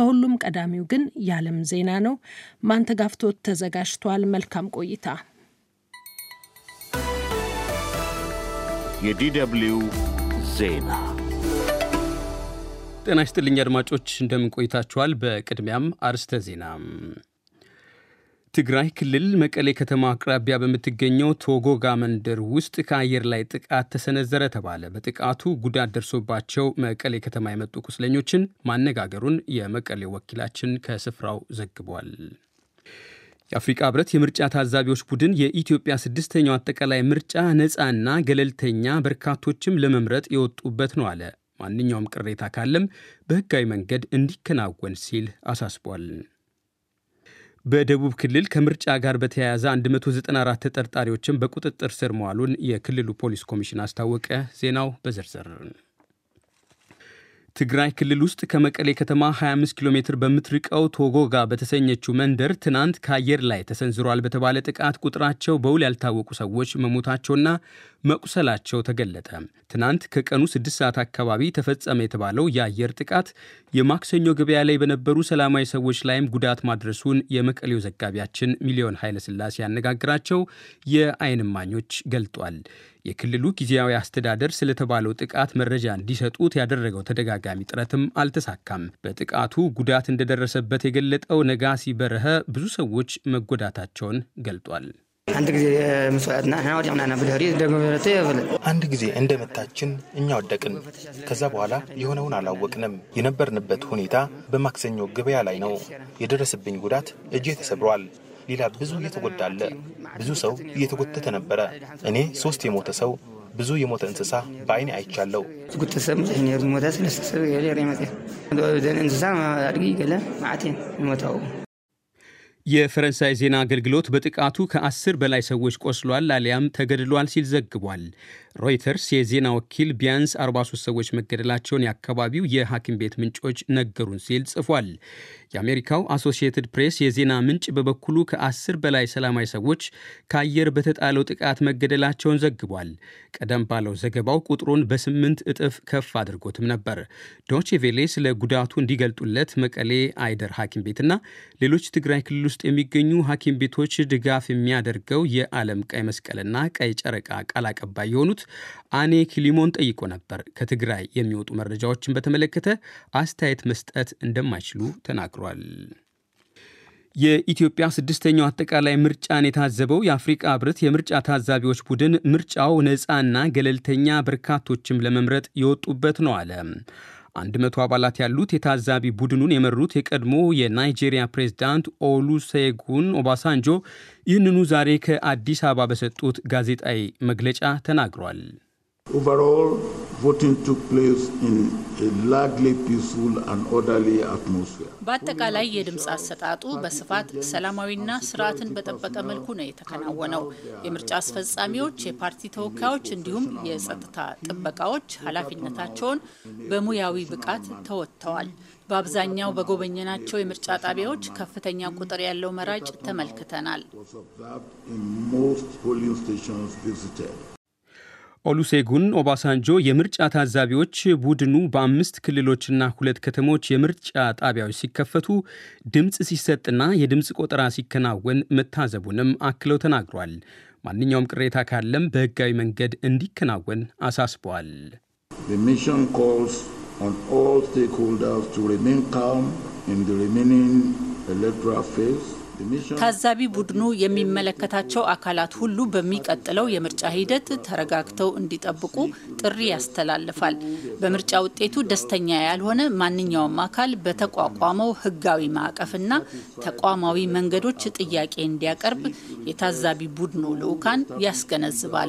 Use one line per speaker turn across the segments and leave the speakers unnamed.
ከሁሉም ቀዳሚው ግን የዓለም ዜና ነው። ማንተጋፍቶት ተዘጋጅቷል። መልካም ቆይታ። የዲደብልዩ ዜና ጤና ይስጥልኝ አድማጮች፣ እንደምን ቆይታችኋል? በቅድሚያም አርስተ ዜና ትግራይ ክልል መቀሌ ከተማ አቅራቢያ በምትገኘው ቶጎጋ መንደር ውስጥ ከአየር ላይ ጥቃት ተሰነዘረ ተባለ። በጥቃቱ ጉዳት ደርሶባቸው መቀሌ ከተማ የመጡ ቁስለኞችን ማነጋገሩን የመቀሌ ወኪላችን ከስፍራው ዘግቧል። የአፍሪቃ ህብረት የምርጫ ታዛቢዎች ቡድን የኢትዮጵያ ስድስተኛው አጠቃላይ ምርጫ ነፃና ገለልተኛ በርካቶችም ለመምረጥ የወጡበት ነው አለ። ማንኛውም ቅሬታ ካለም በህጋዊ መንገድ እንዲከናወን ሲል አሳስቧል። በደቡብ ክልል ከምርጫ ጋር በተያያዘ 194 ተጠርጣሪዎችን በቁጥጥር ስር መዋሉን የክልሉ ፖሊስ ኮሚሽን አስታወቀ። ዜናው በዝርዝር ትግራይ ክልል ውስጥ ከመቀሌ ከተማ 25 ኪሎ ሜትር በምትርቀው ቶጎጋ በተሰኘችው መንደር ትናንት ከአየር ላይ ተሰንዝሯል በተባለ ጥቃት ቁጥራቸው በውል ያልታወቁ ሰዎች መሞታቸውና መቁሰላቸው ተገለጠ። ትናንት ከቀኑ 6 ሰዓት አካባቢ ተፈጸመ የተባለው የአየር ጥቃት የማክሰኞ ገበያ ላይ በነበሩ ሰላማዊ ሰዎች ላይም ጉዳት ማድረሱን የመቀሌው ዘጋቢያችን ሚሊዮን ኃይለስላሴ ያነጋግራቸው የአይንማኞች ገልጧል። የክልሉ ጊዜያዊ አስተዳደር ስለተባለው ጥቃት መረጃ እንዲሰጡት ያደረገው ተደጋጋሚ ጥረትም አልተሳካም። በጥቃቱ ጉዳት እንደደረሰበት የገለጠው ነጋሲ በረኸ ብዙ ሰዎች መጎዳታቸውን ገልጧል። አንድ ጊዜ እንደመታችን እኛ ወደቅን። ከዛ በኋላ የሆነውን አላወቅንም። የነበርንበት ሁኔታ በማክሰኞ ገበያ ላይ ነው። የደረሰብኝ ጉዳት እጄ ተሰብሯል። ሌላ ብዙ እየተጎዳ አለ። ብዙ ሰው እየተጎተተ ነበረ። እኔ ሶስት የሞተ ሰው ብዙ የሞተ እንስሳ በአይኔ አይቻለሁ። የፈረንሳይ ዜና አገልግሎት በጥቃቱ ከአስር በላይ ሰዎች ቆስሏል አሊያም ተገድሏል ሲል ዘግቧል። ሮይተርስ የዜና ወኪል ቢያንስ 43 ሰዎች መገደላቸውን የአካባቢው የሐኪም ቤት ምንጮች ነገሩን ሲል ጽፏል። የአሜሪካው አሶሺየትድ ፕሬስ የዜና ምንጭ በበኩሉ ከ10 በላይ ሰላማዊ ሰዎች ከአየር በተጣለው ጥቃት መገደላቸውን ዘግቧል። ቀደም ባለው ዘገባው ቁጥሩን በስምንት እጥፍ ከፍ አድርጎትም ነበር። ዶችቬሌ ስለ ጉዳቱ እንዲገልጡለት መቀሌ አይደር ሐኪም ቤትና ሌሎች ትግራይ ክልል ውስጥ የሚገኙ ሐኪም ቤቶች ድጋፍ የሚያደርገው የዓለም ቀይ መስቀልና ቀይ ጨረቃ ቃል አቀባይ የሆኑት የሆኑት አኔ ኪሊሞን ጠይቆ ነበር። ከትግራይ የሚወጡ መረጃዎችን በተመለከተ አስተያየት መስጠት እንደማይችሉ ተናግሯል። የኢትዮጵያ ስድስተኛው አጠቃላይ ምርጫን የታዘበው የአፍሪቃ ህብረት የምርጫ ታዛቢዎች ቡድን ምርጫው ነፃና ገለልተኛ በርካቶችም ለመምረጥ የወጡበት ነው አለ። አንድ መቶ አባላት ያሉት የታዛቢ ቡድኑን የመሩት የቀድሞ የናይጄሪያ ፕሬዝዳንት ኦሉሴጉን ኦባሳንጆ ይህንኑ ዛሬ ከአዲስ አበባ በሰጡት ጋዜጣዊ መግለጫ ተናግሯል። Overall, voting took place in a largely peaceful and orderly atmosphere. በአጠቃላይ የድምፅ አሰጣጡ በስፋት ሰላማዊና ስርዓትን በጠበቀ መልኩ ነው የተከናወነው። የምርጫ አስፈጻሚዎች፣ የፓርቲ ተወካዮች እንዲሁም የጸጥታ ጥበቃዎች ኃላፊነታቸውን በሙያዊ ብቃት ተወጥተዋል። በአብዛኛው በጎበኘናቸው የምርጫ ጣቢያዎች ከፍተኛ ቁጥር ያለው መራጭ ተመልክተናል። ኦሉሴጉን ኦባሳንጆ የምርጫ ታዛቢዎች ቡድኑ በአምስት ክልሎችና ሁለት ከተሞች የምርጫ ጣቢያዎች ሲከፈቱ ድምፅ ሲሰጥና የድምፅ ቆጠራ ሲከናወን መታዘቡንም አክለው ተናግሯል። ማንኛውም ቅሬታ ካለም በሕጋዊ መንገድ እንዲከናወን አሳስበዋል። ኤሌክትራል ፌዝ ታዛቢ ቡድኑ የሚመለከታቸው አካላት ሁሉ በሚቀጥለው የምርጫ ሂደት ተረጋግተው እንዲጠብቁ ጥሪ ያስተላልፋል። በምርጫ ውጤቱ ደስተኛ ያልሆነ ማንኛውም አካል በተቋቋመው ሕጋዊ ማዕቀፍና ተቋማዊ መንገዶች ጥያቄ እንዲያቀርብ የታዛቢ ቡድኑ ልዑካን ያስገነዝባሉ።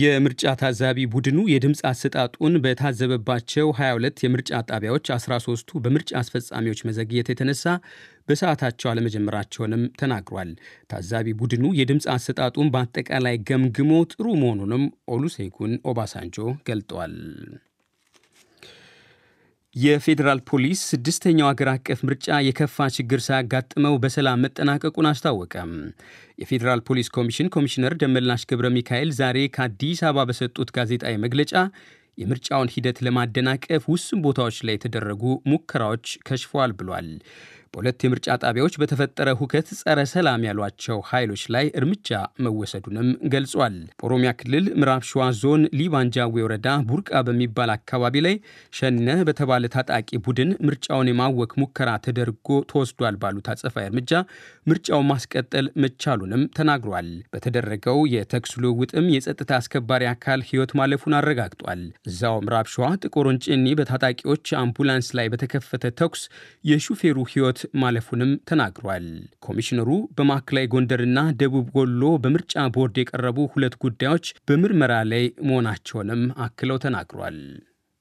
የምርጫ ታዛቢ ቡድኑ የድምፅ አሰጣጡን በታዘበባቸው 22 የምርጫ ጣቢያዎች 13ቱ በምርጫ አስፈጻሚዎች መዘግየት የተነሳ በሰዓታቸው አለመጀመራቸውንም ተናግሯል። ታዛቢ ቡድኑ የድምፅ አሰጣጡን በአጠቃላይ ገምግሞ ጥሩ መሆኑንም ኦሉሴጉን ኦባሳንጆ ገልጠዋል። የፌዴራል ፖሊስ ስድስተኛው አገር አቀፍ ምርጫ የከፋ ችግር ሳያጋጥመው በሰላም መጠናቀቁን አስታወቀም። የፌዴራል ፖሊስ ኮሚሽን ኮሚሽነር ደመላሽ ገብረ ሚካኤል ዛሬ ከአዲስ አበባ በሰጡት ጋዜጣዊ መግለጫ የምርጫውን ሂደት ለማደናቀፍ ውስን ቦታዎች ላይ የተደረጉ ሙከራዎች ከሽፈዋል ብሏል። በሁለት የምርጫ ጣቢያዎች በተፈጠረ ሁከት ጸረ ሰላም ያሏቸው ኃይሎች ላይ እርምጃ መወሰዱንም ገልጿል። በኦሮሚያ ክልል ምዕራብ ሸዋ ዞን ሊባንጃዌ ወረዳ ቡርቃ በሚባል አካባቢ ላይ ሸነ በተባለ ታጣቂ ቡድን ምርጫውን የማወክ ሙከራ ተደርጎ ተወስዷል ባሉት አጸፋዊ እርምጃ ምርጫውን ማስቀጠል መቻሉንም ተናግሯል። በተደረገው የተኩስ ልውውጥም የጸጥታ አስከባሪ አካል ሕይወት ማለፉን አረጋግጧል። እዛው ምዕራብ ሸዋ ጥቁር ወንጭኒ በታጣቂዎች አምቡላንስ ላይ በተከፈተ ተኩስ የሹፌሩ ሕይወት ሕይወት ማለፉንም ተናግሯል። ኮሚሽነሩ በማዕከላዊ ጎንደርና ደቡብ ወሎ በምርጫ ቦርድ የቀረቡ ሁለት ጉዳዮች በምርመራ ላይ መሆናቸውንም አክለው ተናግሯል።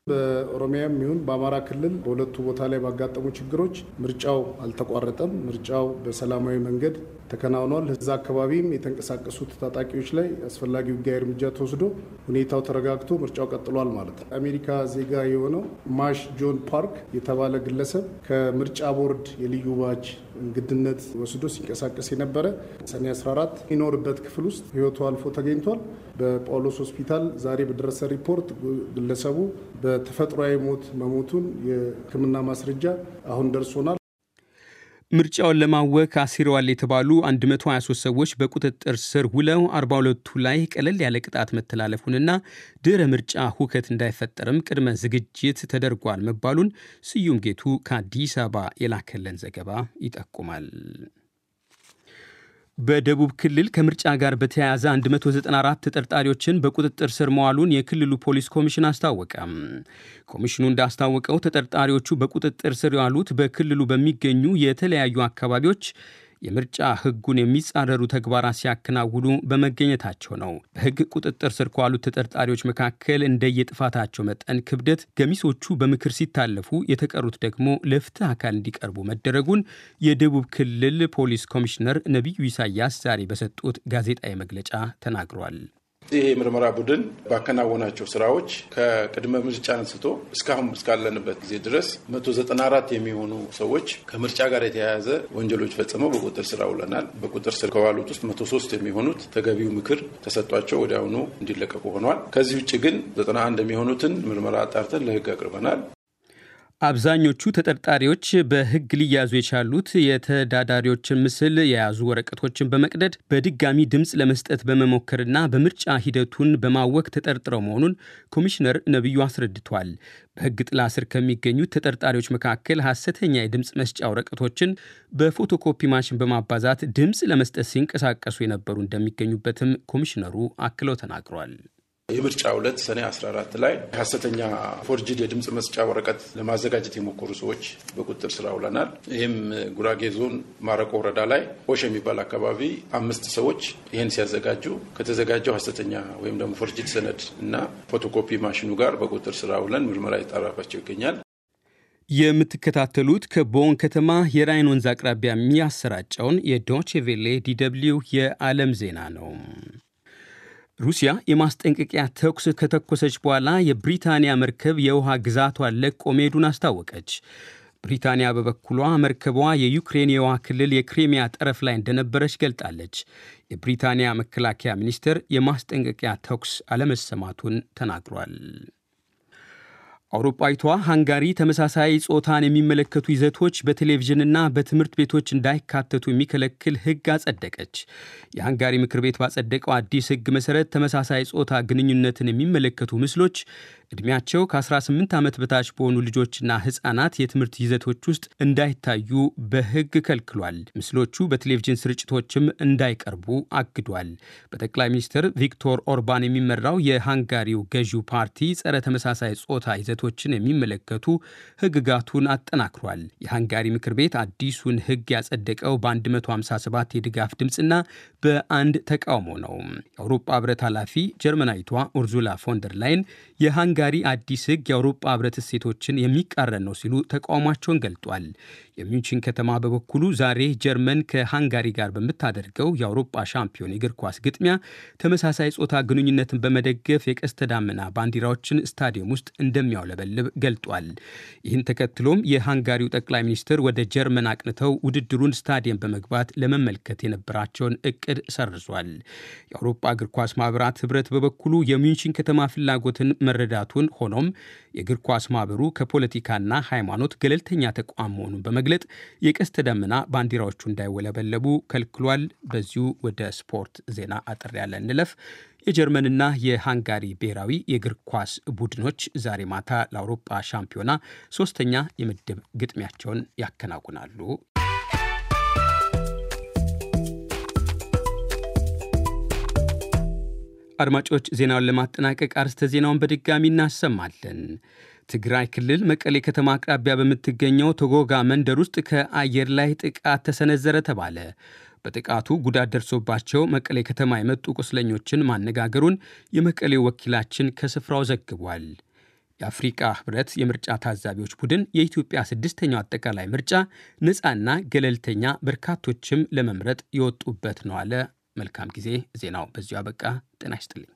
በኦሮሚያም ይሁን በአማራ ክልል በሁለቱ ቦታ ላይ ባጋጠሙ ችግሮች ምርጫው አልተቋረጠም። ምርጫው በሰላማዊ መንገድ ተከናውኗል። እዛ አካባቢም የተንቀሳቀሱት ታጣቂዎች ላይ አስፈላጊ ውጊያ እርምጃ ተወስዶ ሁኔታው ተረጋግቶ ምርጫው ቀጥሏል ማለት ነው። አሜሪካ ዜጋ የሆነው ማሽ ጆን ፓርክ የተባለ ግለሰብ ከምርጫ ቦርድ የልዩ ባጅ እንግድነት ወስዶ ሲንቀሳቀስ የነበረ ሰኔ 14 የሚኖርበት ክፍል ውስጥ ህይወቱ አልፎ ተገኝቷል። በጳውሎስ ሆስፒታል ዛሬ በደረሰ ሪፖርት ግለሰቡ በተፈጥሯዊ ሞት መሞቱን የህክምና ማስረጃ አሁን ደርሶናል። ምርጫውን ለማወክ አሲረዋል የተባሉ 123 ሰዎች በቁጥጥር ስር ውለው 42ቱ ላይ ቀለል ያለ ቅጣት መተላለፉንና ድረ ምርጫ ሁከት እንዳይፈጠርም ቅድመ ዝግጅት ተደርጓል መባሉን ስዩም ጌቱ ከአዲስ አበባ የላከለን ዘገባ ይጠቁማል። በደቡብ ክልል ከምርጫ ጋር በተያያዘ 194 ተጠርጣሪዎችን በቁጥጥር ስር መዋሉን የክልሉ ፖሊስ ኮሚሽን አስታወቀ። ኮሚሽኑ እንዳስታወቀው ተጠርጣሪዎቹ በቁጥጥር ስር ያሉት በክልሉ በሚገኙ የተለያዩ አካባቢዎች የምርጫ ህጉን የሚጻረሩ ተግባራት ሲያከናውኑ በመገኘታቸው ነው። በህግ ቁጥጥር ስር ካሉት ተጠርጣሪዎች መካከል እንደየጥፋታቸው መጠን ክብደት ገሚሶቹ በምክር ሲታለፉ፣ የተቀሩት ደግሞ ለፍትህ አካል እንዲቀርቡ መደረጉን የደቡብ ክልል ፖሊስ ኮሚሽነር ነቢዩ ኢሳያስ ዛሬ በሰጡት ጋዜጣዊ መግለጫ ተናግሯል። ይህ የምርመራ ቡድን ባከናወናቸው ስራዎች ከቅድመ ምርጫ አንስቶ እስካሁን እስካለንበት ጊዜ ድረስ 194 የሚሆኑ ሰዎች ከምርጫ ጋር የተያያዘ ወንጀሎች ፈጽመው በቁጥር ስር አውለናል። በቁጥር ስር ከዋሉት ውስጥ 103 የሚሆኑት ተገቢው ምክር ተሰጧቸው ወዲያውኑ እንዲለቀቁ ሆኗል። ከዚህ ውጭ ግን 91 የሚሆኑትን ምርመራ አጣርተን ለህግ አቅርበናል። አብዛኞቹ ተጠርጣሪዎች በሕግ ሊያዙ የቻሉት የተዳዳሪዎችን ምስል የያዙ ወረቀቶችን በመቅደድ በድጋሚ ድምፅ ለመስጠት በመሞከርና በምርጫ ሂደቱን በማወክ ተጠርጥረው መሆኑን ኮሚሽነር ነቢዩ አስረድቷል። በሕግ ጥላ ስር ከሚገኙት ተጠርጣሪዎች መካከል ሐሰተኛ የድምፅ መስጫ ወረቀቶችን በፎቶኮፒ ማሽን በማባዛት ድምፅ ለመስጠት ሲንቀሳቀሱ የነበሩ እንደሚገኙበትም ኮሚሽነሩ አክለው ተናግሯል። የምርጫ ዕለት ሰኔ 14 ላይ ሀሰተኛ ፎርጅድ የድምፅ መስጫ ወረቀት ለማዘጋጀት የሞከሩ ሰዎች በቁጥጥር ስር አውለናል። ይህም ጉራጌ ዞን ማረቆ ወረዳ ላይ ሆሽ የሚባል አካባቢ አምስት ሰዎች ይህን ሲያዘጋጁ ከተዘጋጀው ሀሰተኛ ወይም ደግሞ ፎርጅድ ሰነድ እና ፎቶኮፒ ማሽኑ ጋር በቁጥጥር ስር አውለን ምርመራ የጣራባቸው ይገኛል። የምትከታተሉት ከቦን ከተማ የራይን ወንዝ አቅራቢያ የሚያሰራጨውን የዶቼ ቬሌ ዲ የዓለም ዜና ነው። ሩሲያ የማስጠንቀቂያ ተኩስ ከተኮሰች በኋላ የብሪታንያ መርከብ የውሃ ግዛቷን ለቆ መሄዱን አስታወቀች። ብሪታንያ በበኩሏ መርከቧ የዩክሬን የውሃ ክልል የክሪሚያ ጠረፍ ላይ እንደነበረች ገልጣለች። የብሪታንያ መከላከያ ሚኒስቴር የማስጠንቀቂያ ተኩስ አለመሰማቱን ተናግሯል። አውሮፓዊቷ ሃንጋሪ ተመሳሳይ ጾታን የሚመለከቱ ይዘቶች በቴሌቪዥንና በትምህርት ቤቶች እንዳይካተቱ የሚከለክል ሕግ አጸደቀች። የሃንጋሪ ምክር ቤት ባጸደቀው አዲስ ሕግ መሠረት ተመሳሳይ ጾታ ግንኙነትን የሚመለከቱ ምስሎች ዕድሜያቸው ከ18 ዓመት በታች በሆኑ ልጆችና ሕፃናት የትምህርት ይዘቶች ውስጥ እንዳይታዩ በሕግ ከልክሏል። ምስሎቹ በቴሌቪዥን ስርጭቶችም እንዳይቀርቡ አግዷል። በጠቅላይ ሚኒስትር ቪክቶር ኦርባን የሚመራው የሃንጋሪው ገዢው ፓርቲ ጸረ ተመሳሳይ ጾታ ይዘቶችን የሚመለከቱ ሕግጋቱን አጠናክሯል። የሃንጋሪ ምክር ቤት አዲሱን ሕግ ያጸደቀው በ157 የድጋፍ ድምፅና በአንድ ተቃውሞ ነው። የአውሮፓ ሕብረት ኃላፊ ጀርመናዊቷ ኡርዙላ ፎንደር ላይን አንጋሪ አዲስ ህግ የአውሮፓ ህብረት እሴቶችን የሚቃረን ነው ሲሉ ተቃውሟቸውን ገልጧል። የሚንችን ከተማ በበኩሉ ዛሬ ጀርመን ከሃንጋሪ ጋር በምታደርገው የአውሮፓ ሻምፒዮን የእግር ኳስ ግጥሚያ ተመሳሳይ ጾታ ግንኙነትን በመደገፍ የቀስተ ዳመና ባንዲራዎችን ስታዲየም ውስጥ እንደሚያውለበልብ ገልጧል። ይህን ተከትሎም የሃንጋሪው ጠቅላይ ሚኒስትር ወደ ጀርመን አቅንተው ውድድሩን ስታዲየም በመግባት ለመመልከት የነበራቸውን እቅድ ሰርዟል። የአውሮፓ እግር ኳስ ማህበራት ህብረት በበኩሉ የሚንችን ከተማ ፍላጎትን መረዳቱ መግባቱን ሆኖም የእግር ኳስ ማህበሩ ከፖለቲካና ሃይማኖት ገለልተኛ ተቋም መሆኑን በመግለጥ የቀስተ ደመና ባንዲራዎቹ እንዳይወለበለቡ ከልክሏል። በዚሁ ወደ ስፖርት ዜና አጠር ያለ እንለፍ። የጀርመንና የሃንጋሪ ብሔራዊ የእግር ኳስ ቡድኖች ዛሬ ማታ ለአውሮፓ ሻምፒዮና ሶስተኛ የምድብ ግጥሚያቸውን ያከናውናሉ። አድማጮች፣ ዜናውን ለማጠናቀቅ አርስተ ዜናውን በድጋሚ እናሰማለን። ትግራይ ክልል መቀሌ ከተማ አቅራቢያ በምትገኘው ተጎጋ መንደር ውስጥ ከአየር ላይ ጥቃት ተሰነዘረ ተባለ። በጥቃቱ ጉዳት ደርሶባቸው መቀሌ ከተማ የመጡ ቁስለኞችን ማነጋገሩን የመቀሌው ወኪላችን ከስፍራው ዘግቧል። የአፍሪቃ ህብረት የምርጫ ታዛቢዎች ቡድን የኢትዮጵያ ስድስተኛው አጠቃላይ ምርጫ ነፃና ገለልተኛ በርካቶችም ለመምረጥ የወጡበት ነው አለ። መልካም ጊዜ። ዜናው በዚሁ አበቃ። ጤና ይስጥልኝ።